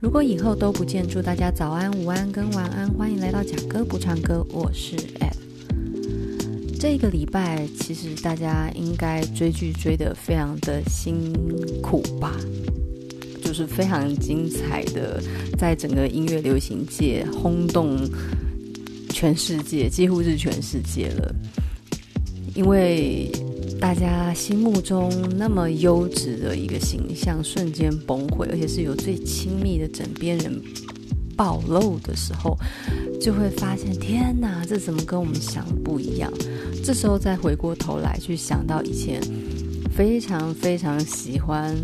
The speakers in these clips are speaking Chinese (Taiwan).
如果以後都不見，祝大家早安、午安跟晚安。歡迎來到賈哥不唱歌，我是 App。這個禮拜其實大家應該追劇追得非常的辛苦吧，就是非常精彩的，在整個音樂流行界轟動全世界，幾乎是全世界了，因為。大家心目中那麼優質的一個形象，瞬間崩潰。而且是由最親密的枕邊人暴露的時候，就會發現天哪，這怎麼跟我們想的不一樣？這時候再回過頭來去想到以前非常非常喜歡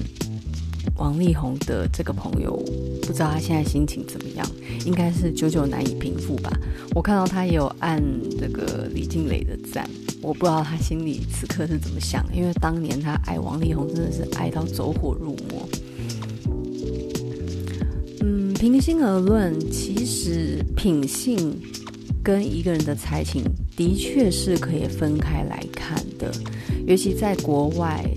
王力宏的這個朋友，不知道他現在心情怎麼樣？應該是久久難以平復吧。我看到他也有按這個李靜蕾的讚。我不知道他心裡此刻是怎麼想，因為當年他愛王力宏真的是愛到走火入魔。嗯，平心而論，其實品性跟一個人的才情的確是可以分開來看的，尤其在國外，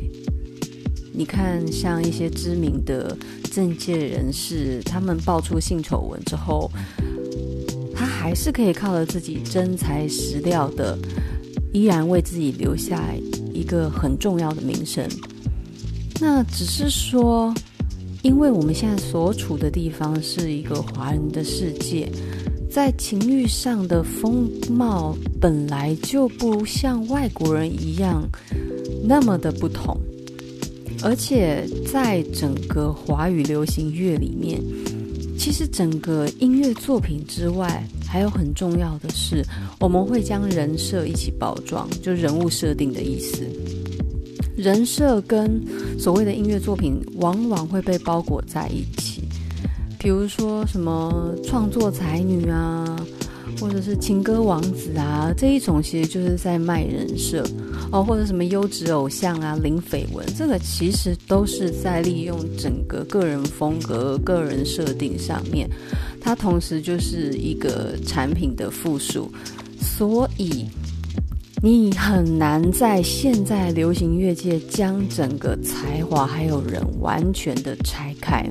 你看像一些知名的政界人士，他們爆出性醜聞之後，他還是可以靠着自己真材實料的。依然為自己留下一個很重要的名聲。那只是說，因為我們現在所處的地方是一個華人的世界，在情欲上的風貌本來就不像外國人一樣那麼的不同，而且在整個華語流行樂裡面。其實整個音樂作品之外，還有很重要的是，我們會將人設一起包裝，就人物設定的意思。人設跟所謂的音樂作品往往會被包裹在一起，比如說什麼創作才女啊，或者是情歌王子啊，這一種其實就是在賣人設。哦，或者什麼優質偶像啊，零緋聞，這個其實都是在利用整個個人風格、個人設定上面，它同時就是一個產品的附屬，所以你很難在現在流行樂界將整個才華還有人完全的拆開。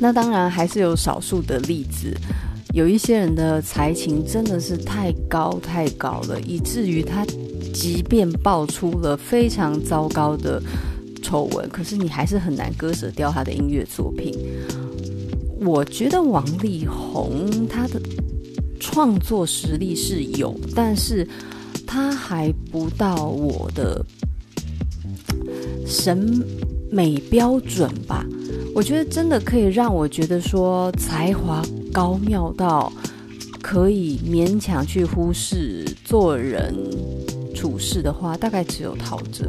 那當然還是有少數的例子，有一些人的才情真的是太高太高了，以至於他。即便爆出了非常糟糕的醜聞，可是你還是很難割捨掉他的音樂作品。我覺得王力宏他的創作實力是有，但是他還不到我的審美標準吧？我覺得真的可以讓我覺得說才華高妙到可以勉強去忽視做人。處事的話，大概只有陶喆，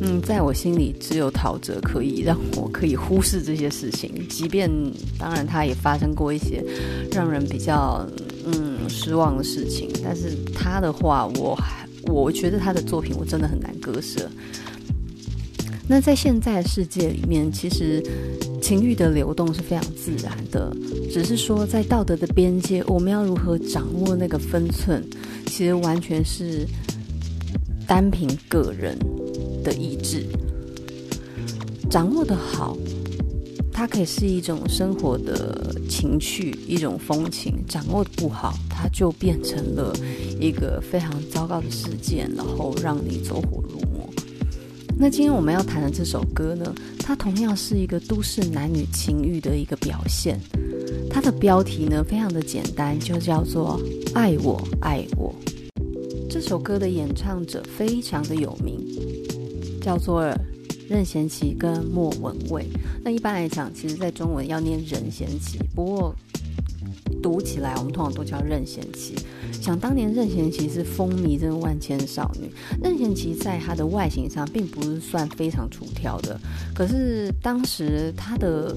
嗯，在我心裡只有陶喆可以讓我可以忽視這些事情，即便當然他也發生過一些讓人比較嗯失望的事情，但是他的話，我我覺得他的作品我真的很難割捨。那在現在的世界裡面，其實情欲的流動是非常自然的，只是說在道德的邊界，我們要如何掌握那個分寸，其實完全是。單憑個人的意志掌握得好，它可以是一種生活的情趣，一種風情；掌握不好，它就變成了一個非常糟糕的事件，然後讓你走火入魔。那今天我們要談的這首歌呢，它同樣是一個都市男女情欲的一個表現。它的標題呢，非常的簡單，就叫做《愛我愛我》。這首歌的演唱者非常的有名，叫做任賢齊跟莫文蔚。那一般來講，其實在中文要念任賢齊，不過讀起來我們通常都叫任賢齊。想當年任賢齊是風靡這個萬千少女。任賢齊在他的外形上並不是算非常出挑的，可是當時他的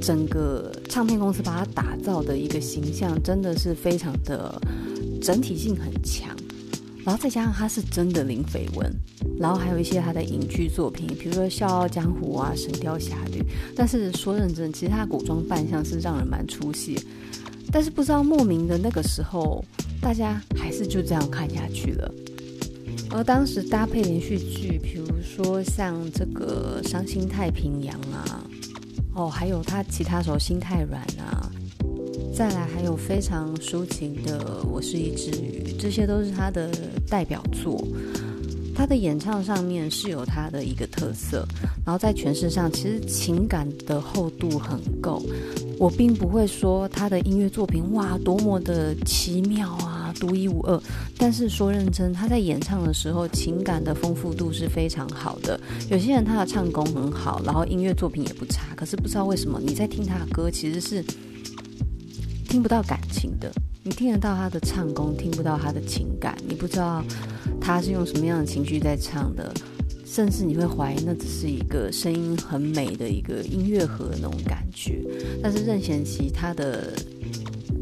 整個唱片公司把他打造的一個形象，真的是非常的整體性很強。然後再加上他是真的零緋聞，然後還有一些他的影劇作品，比如說《笑傲江湖》啊，《神鵰俠侶》。但是說認真，其實他古裝扮相是讓人蠻出戲，但是不知道莫名的那個時候，大家還是就這樣看下去了。而當時搭配連續劇，比如說像這個《傷心太平洋》啊，哦，還有他其他時候心太軟啊。再來還有非常抒情的《我是一只魚》，這些都是他的代表作。他的演唱上面是有他的一個特色，然後在詮釋上其實情感的厚度很夠。我並不會說他的音樂作品哇多麼的奇妙啊，獨一無二。但是說認真，他在演唱的時候情感的豐富度是非常好的。有些人他的唱功很好，然後音樂作品也不差，可是不知道為什麼你在聽他的歌其實是。聽不到感情的，你聽得到他的唱功，聽不到他的情感。你不知道他是用什麼樣的情緒在唱的，甚至你會懷疑那只是一個聲音很美的一個音樂盒那種感覺。但是任賢齊他的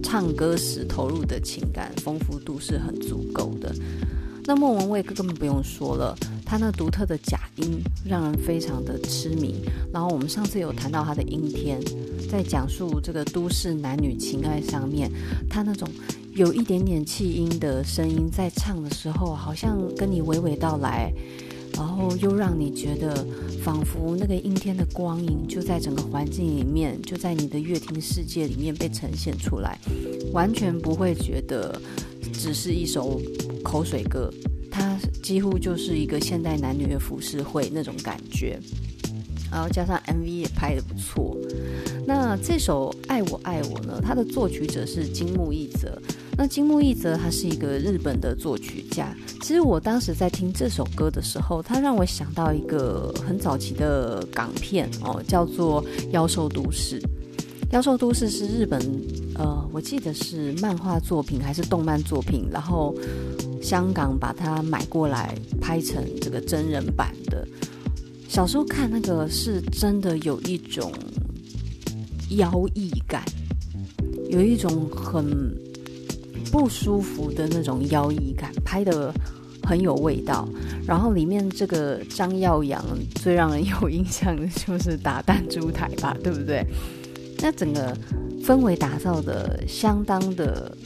唱歌時投入的情感豐富度是很足夠的。那莫文蔚根本不用說了，他那獨特的假音讓人非常的痴迷。然後我們上次有談到他的《陰天》。在講述這個都市男女情愛上面，他那種有一點點氣音的聲音在唱的時候，好像跟你娓娓道來，然後又讓你覺得仿佛那個陰天的光影就在整個環境裡面，就在你的樂聽世界裡面被呈現出來，完全不會覺得只是一首口水歌，它幾乎就是一個現代男女的浮世繪那種感覺，然後加上 MV 也拍得不錯。那這首《愛我愛我》呢？它的作曲者是金木一澤。那金木一澤他是一個日本的作曲家。其實我當時在聽這首歌的時候，他讓我想到一個很早期的港片哦，叫做《妖獸都市》。《妖獸都市》是日本呃，我記得是漫畫作品還是動漫作品，然後香港把它買過來拍成這個真人版的。小時候看那個是真的有一種。妖異感，有一種很不舒服的那種妖異感，拍的很有味道。然後裡面這個張耀揚，最讓人有印象的就是打彈珠台吧，對不對？那整個氛圍打造的相當的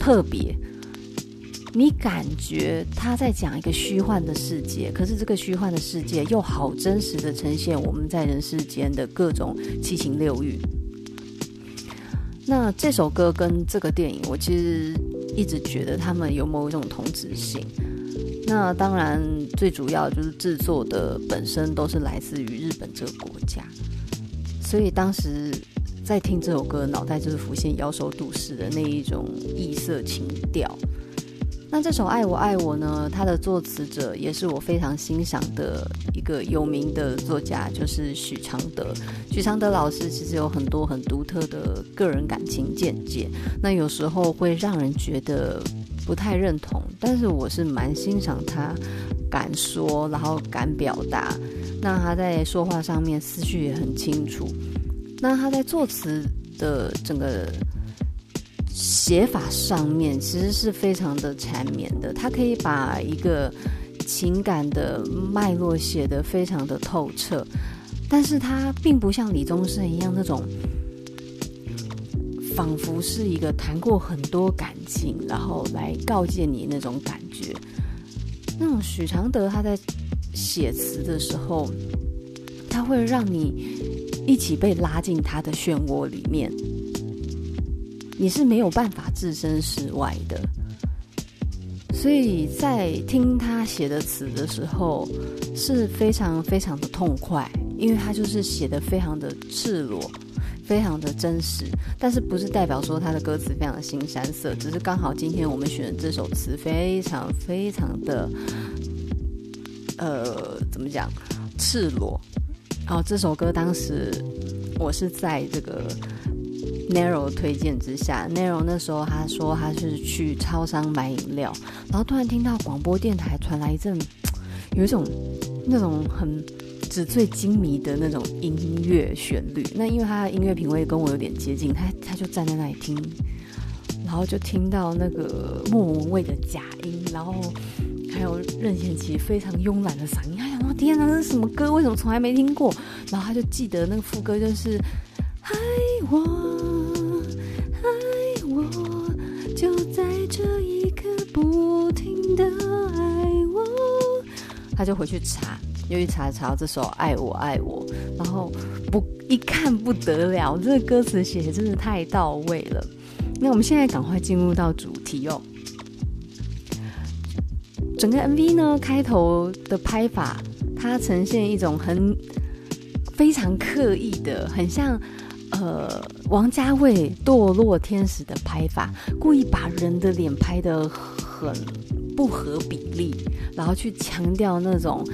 特別。你感覺他在講一個虛幻的世界，可是這個虛幻的世界又好真實的呈現我們在人世間的各種七情六欲。那這首歌跟這個電影，我其實一直覺得他們有某一種同質性。那當然，最主要就是制作的本身都是來自於日本這個國家，所以當時在聽這首歌，腦袋就是浮現《妖獸都市》的那一種異色情調。那這首《愛我愛我》呢，他的作詞者也是我非常欣賞的一個有名的作家，就是許常德。許常德老師其實有很多很獨特的個人感情見解，那有時候會讓人覺得不太認同，但是我是蠻欣賞他敢說，然後敢表達。那他在說話上面思緒也很清楚，那他在作詞的整個。寫法上面其實是非常的纏綿的，他可以把一個情感的脈絡寫得非常的透徹，但是他並不像李宗盛一樣那種，仿佛是一個談過很多感情然後來告誡你那種感覺，那種許常德他在寫詞的時候，他會讓你一起被拉進他的漩渦裡面。你是沒有辦法置身事外的，所以在聽他寫的詞的時候是非常非常的痛快，因為他就是寫得非常的赤裸，非常的真實，但是不是代表說他的歌詞非常的腥羶色，只是剛好今天我們選的這首詞非常非常的，呃，怎麼講，赤裸。然後這首歌當時我是在這個。Nero 推薦之下，Nero 那時候他說他是去超商買飲料，然後突然聽到廣播電台傳來一陣有一種那種很紙醉金迷的那種音樂旋律。那因為他的音樂品味跟我有點接近，他他就站在那裡聽，然後就聽到那個莫文蔚的假音，然後還有任賢齊非常慵懶的嗓音。他想說：天吶，這是什麼歌？為什麼從來沒聽過？然後他就記得那個副歌就是“愛我”。愛我他就回去查，又去查查到這首《愛我愛我》，然後不一看不得了，這個歌詞寫的真是太到位了。那我們現在趕快進入到主題哦。整個 MV 呢，開頭的拍法，它呈現一種很非常刻意的，很像呃王家衛《墮落天使》的拍法，故意把人的臉拍得很。不合比例，然後去強調那種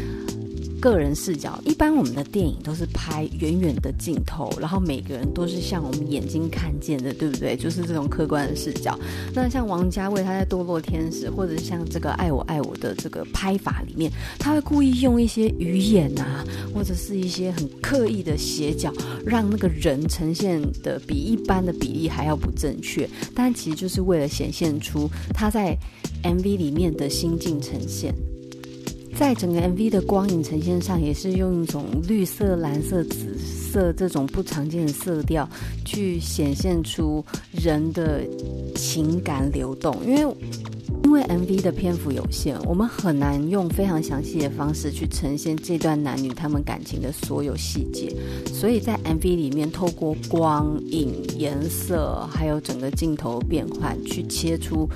個人視角，一般我們的電影都是拍遠遠的鏡頭，然後每個人都是像我們眼睛看見的，對不對？就是這種客觀的視角。那像王家衛他在《墮落天使》或者像這個《愛我愛我》的這個拍法裡面，他會故意用一些魚眼啊，或者是一些很刻意的斜角，讓那個人呈現的比一般的比例還要不正確，但其實就是為了顯現出他在 MV 裡面的心境呈現。在整個 MV 的光影呈現上，也是用一種綠色、藍色、紫色這種不常見的色調，去顯現出人的情感流動。因為，因為 MV 的篇幅有限，我們很難用非常詳細的方式去呈現這段男女他們感情的所有細節。所以在 MV 裡面，透過光影、顏色，還有整個鏡頭變換，去切出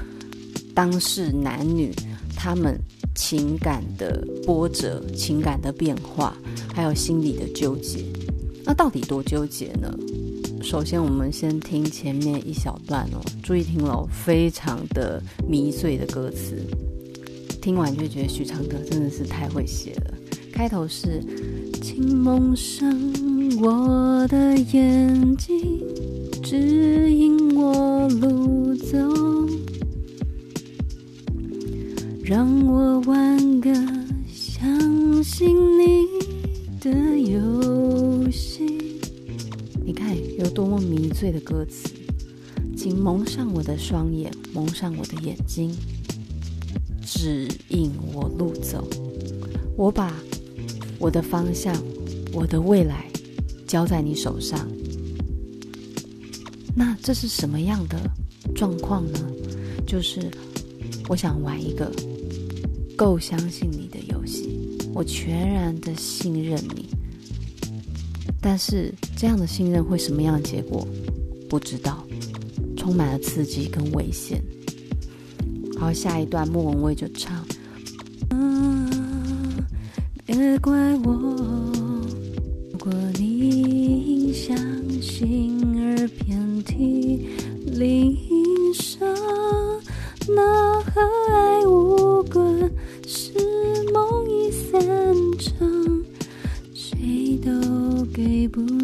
當事男女他們。情感的波折、情感的變化，還有心理的糾結，那到底多糾結呢？首先，我們先聽前面一小段哦，注意聽哦，非常的迷醉的歌詞，聽完就覺得許常德真的是太會寫了。開頭是，請蒙上我的眼睛，只因。歌詞，請蒙上我的雙眼，蒙上我的眼睛，指引我路走。我把我的方向、我的未來交在你手上。那這是什麼樣的狀況呢？就是我想玩一個夠相信你的遊戲，我全然的信任你。但是這樣的信任會什麼樣的結果？不知道，充滿了刺激跟危險。好，下一段莫文蔚就唱、啊：別怪我，如果你因相信而遍體鱗傷，那和愛無關，是夢已散場，誰都給不。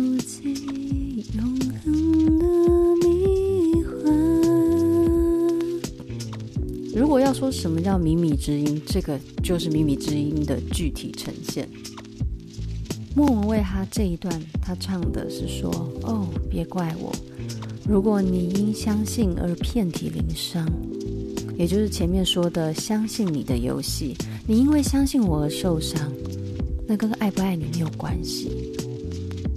要說什麼叫靡靡之音？這個就是靡靡之音的具體呈現。莫文蔚她這一段，她唱的是說：“哦，別怪我，如果你因相信而遍體鱗傷。”也就是前面說的相信你的遊戲，你因為相信我而受傷，那跟愛不愛你沒有關係，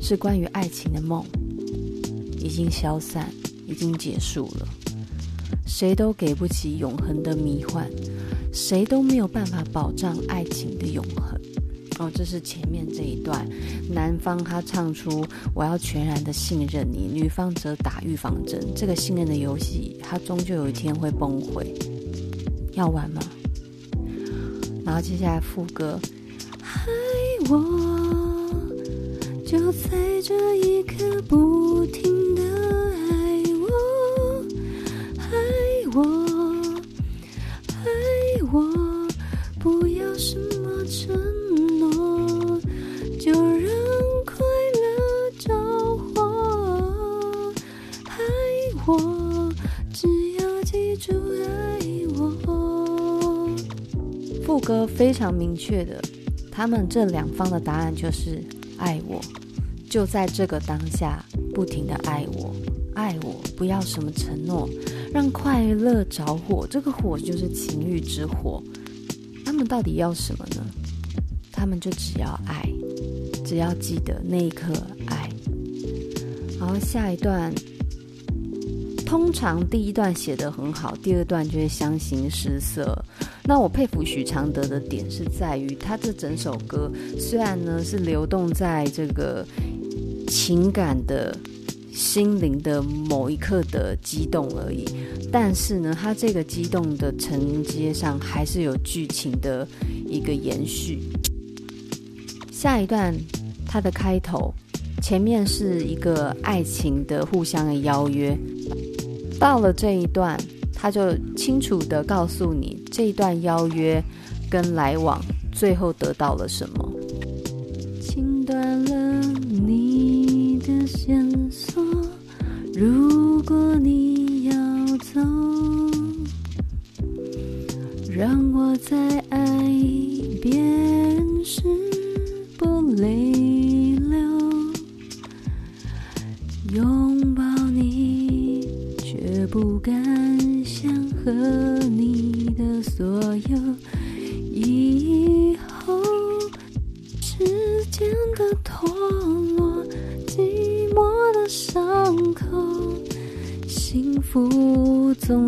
是關於愛情的夢已經消散，已經結束了。誰都給不起永恆的迷幻，誰都沒有辦法保障愛情的永恆。哦，這是前面這一段，男方他唱出我要全然的信任你，女方則打預防針。這個信任的遊戲，它終究有一天會崩潰，要玩嗎？然後接下來副歌，愛我就在這一刻不停。什麼承諾，就讓快樂着火。愛我，只要記住愛我。副歌非常明確的，他們這兩方的答案就是愛我，就在這個當下，不停的愛我，愛我，不要什麼承諾，讓快樂着火，這個火就是情欲之火。他們到底要什麼呢？他們就只要愛，只要記得那一刻愛。然後下一段，通常第一段寫得很好，第二段就會相形失色。那我佩服許常德的點是在於，他這整首歌雖然呢是流動在這個情感的。心靈的某一刻的激動而已，但是呢，他這個激動的承接上還是有劇情的一個延續。下一段它的開頭前面是一個愛情的互相的邀約，到了這一段，他就清楚地告訴你這一段邀約跟來往最後得到了什麼。清端如果你要走，讓我再愛一遍。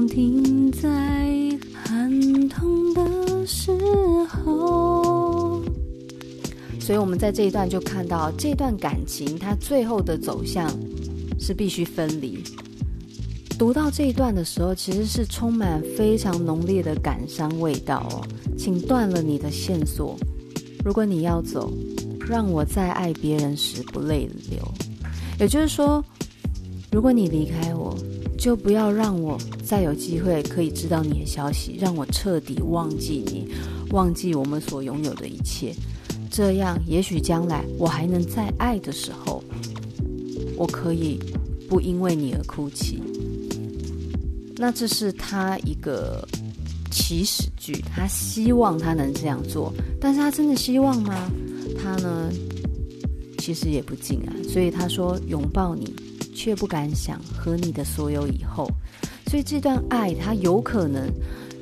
停在寒痛的時候，所以我們在這一段就看到這段感情它最後的走向是必須分離。讀到這一段的時候，其實是充滿非常濃烈的感傷味道哦。請斷了你的線索，如果你要走，讓我在愛別人時不淚流。也就是說，如果你離開我，就不要讓我。再有機會可以知道你的消息，讓我徹底忘記你，忘記我們所擁有的一切。這樣，也許將來我還能再愛的時候，我可以不因為你而哭泣。那這是他一個起始句，他希望他能這樣做，但是他真的希望嗎？他呢，其實也不盡啊。所以他說擁抱你，卻不敢想和你的所有以後。所以這段愛，它有可能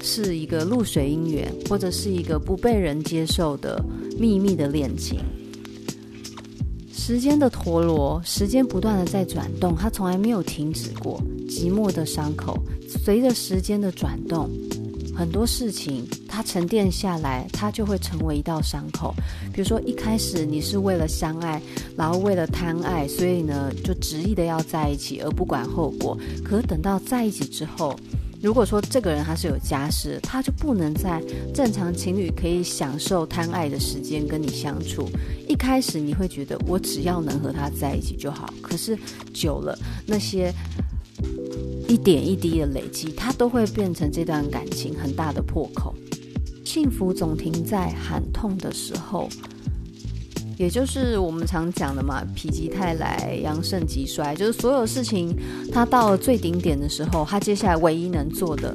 是一個露水姻緣，或者是一個不被人接受的秘密的戀情。時間的陀螺，時間不斷的在轉動，它從來沒有停止過。寂寞的傷口，隨着時間的轉動，很多事情，它沉澱下來，它就會成為一道傷口。比如說，一開始你是為了相愛，然後為了貪愛，所以呢就執意的要在一起，而不管後果。可等到在一起之後，如果說這個人他是有家室，他就不能在正常情侶可以享受貪愛的時間跟你相處。一開始你會覺得我只要能和他在一起就好，可是久了那些一點一滴的累積，他都會變成這段感情很大的破口。幸福總停在喊痛的時候，也就是我們常講的嘛，否極泰來，陽盛極衰，就是所有事情它到了最頂點的時候，它接下來唯一能做的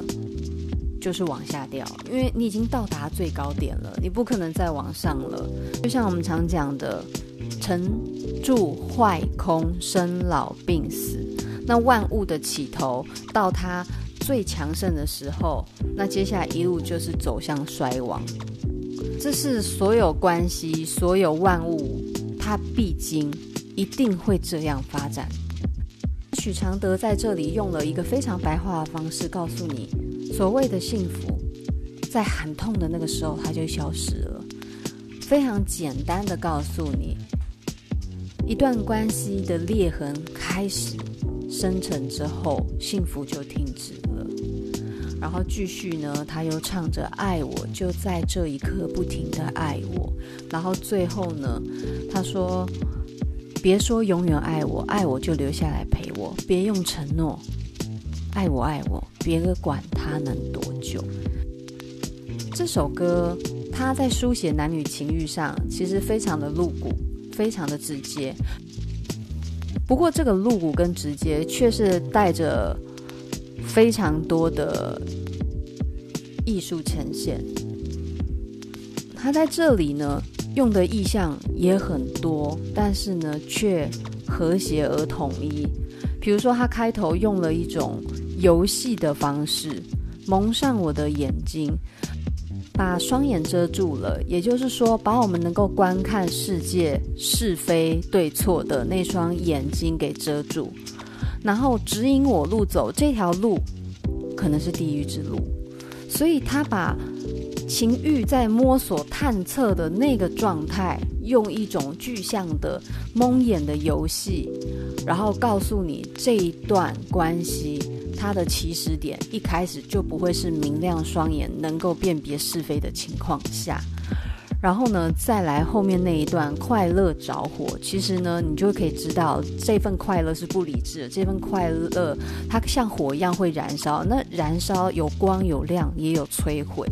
就是往下掉，因為你已經到達最高點了，你不可能再往上了。就像我們常講的，成住壞空，生老病死，那萬物的起頭到它。最強盛的時候，那接下來一路就是走向衰亡。這是所有關係、所有萬物，它必經，一定會這樣發展。許常德在這裡用了一個非常白話的方式告訴你：所謂的幸福，在很痛的那個時候，它就消失了。非常簡單的告訴你，一段關係的裂痕開始生成之後，幸福就停止。然後繼續呢，他又唱着“愛我就在這一刻，不停地愛我”。然後最後呢，他說：“別說永遠愛我，愛我就留下來陪我，別用承諾。愛我，愛我，別管他能多久。”這首歌他在書寫男女情欲上，其實非常的露骨，非常的直接。不過這個露骨跟直接，卻是帶着。非常多的藝術呈現，他在這裡呢用的意象也很多，但是呢卻和諧而統一。比如說，他開頭用了一種遊戲的方式，蒙上我的眼睛，把雙眼遮住了，也就是說，把我們能夠觀看世界是非對錯的那雙眼睛給遮住。然後指引我路走，這條路可能是地獄之路，所以他把情欲在摸索、探測的那個狀態，用一種具象的蒙眼的遊戲，然後告訴你這一段關係它的起始點，一開始就不會是明亮雙眼能夠辨別是非的情況下。然後呢，再來後面那一段快樂着火，其實呢，你就可以知道這份快樂是不理智的。這份快樂，它像火一樣會燃燒，那燃燒有光有亮，也有摧毀。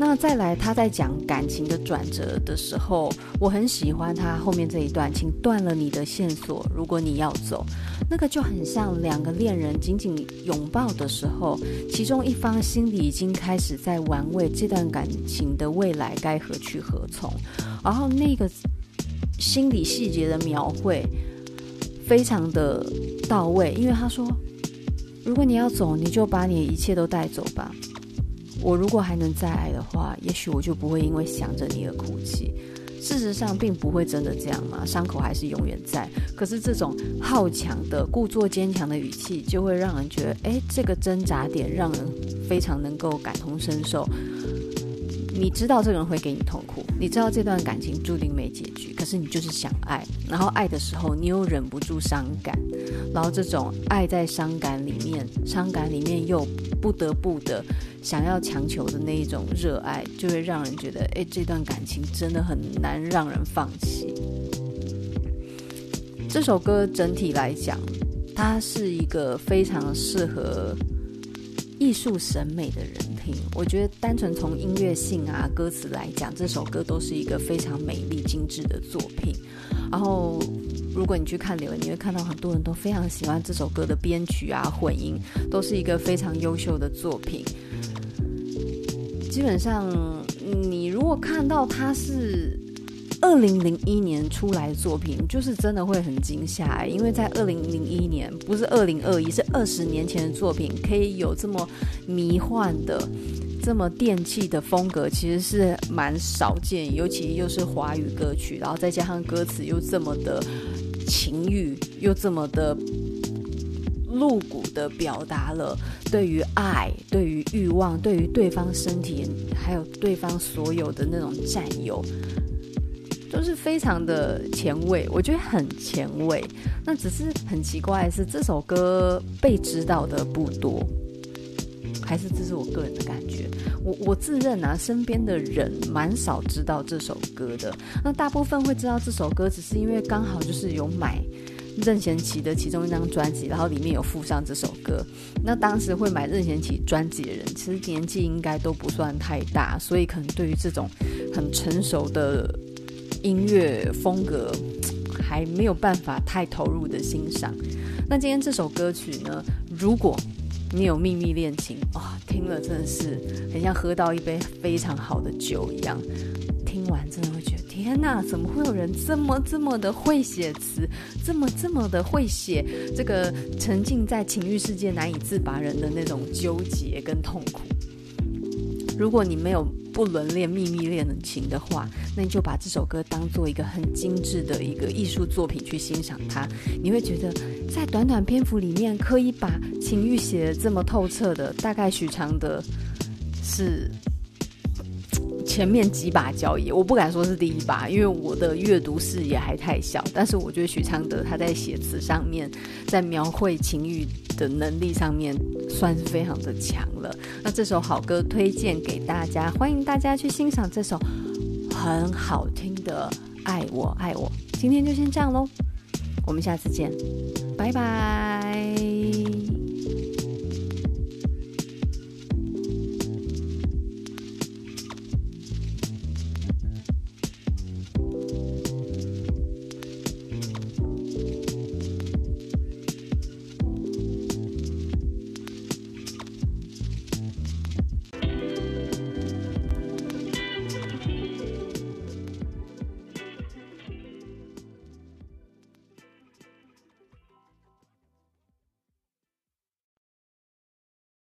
那再來，他在講感情的轉折的時候，我很喜歡他後面這一段，請斷了你的線索。如果你要走，那個就很像兩個戀人緊緊擁抱的時候，其中一方心裡已經開始在玩味這段感情的未來該何去何從。然後那個心理細節的描繪非常的到位，因為他說，如果你要走，你就把你一切都帶走吧。我如果還能再愛的話，也許我就不會因為想着你而哭泣。事實上，並不會真的這樣嘛，傷口還是永遠在。可是這種好強的、故作堅強的語氣，就會讓人覺得，誒，這個掙扎點讓人非常能夠感同身受。你知道這個人會給你痛苦，你知道這段感情注定沒結局，可是你就是想愛，然後愛的時候你又忍不住傷感，然後這種愛在傷感裡面，傷感裡面又不得不的想要強求的那一種熱愛，就會讓人覺得，誒、欸，這段感情真的很難讓人放棄。這首歌整體來講，它是一個非常適合。藝術審美的人聽，我覺得單純從音樂性啊、歌詞來講，這首歌都是一個非常美麗精緻的作品。然後，如果你去看留言，你會看到很多人都非常喜歡這首歌的編曲啊、混音，都是一個非常優秀的作品。基本上，你如果看到它是二零零一年出來的作品，就是真的會很驚嚇、欸、因為在二零零一年，不是二零二一，是二十年前的作品，可以有這麼迷幻的、這麼電器的風格，其實是蠻少見。尤其又是華語歌曲，然後再加上歌詞又這麼的情欲，又這麼的露骨地表達了對於愛、對於欲望、對於對方身體，還有對方所有的那種占有。都是非常的前衛，我覺得很前衛。那只是很奇怪是，這首歌被知道的不多，還是這是我個人的感覺？我我自認啊，身邊的人蠻少知道這首歌的。那大部分會知道這首歌，只是因為剛好就是有買任賢齊的其中一張專輯，然後裡面有附上這首歌。那當時會買任賢齊專輯的人，其實年紀應該都不算太大，所以可能對於這種很成熟的。音樂風格還沒有辦法太投入的欣賞。那今天這首歌曲呢？如果你有秘密戀情啊，聽了真的是很像喝到一杯非常好的酒一樣。聽完真的會覺得天哪，怎麼會有人這麼這麼的會寫詞，這麼這麼的會寫這個沉浸在情欲世界難以自拔人的那種糾結跟痛苦？如果你沒有，不倫戀秘密戀情的話，那你就把這首歌當做一個很精致的一個藝術作品去欣賞它。你會覺得，在短短篇幅裡面，可以把情欲寫得這麼透徹的，大概許常德是前面幾把交椅，我不敢說是第一把，因為我的閱讀視野還太小。但是我覺得許常德他在寫詞上面，在描繪情欲的能力上面算是非常的強了。那這首好歌推薦給大家，歡迎大家去欣賞這首很好聽的《愛我愛我》。今天就先這樣咯。我們下次見，拜拜。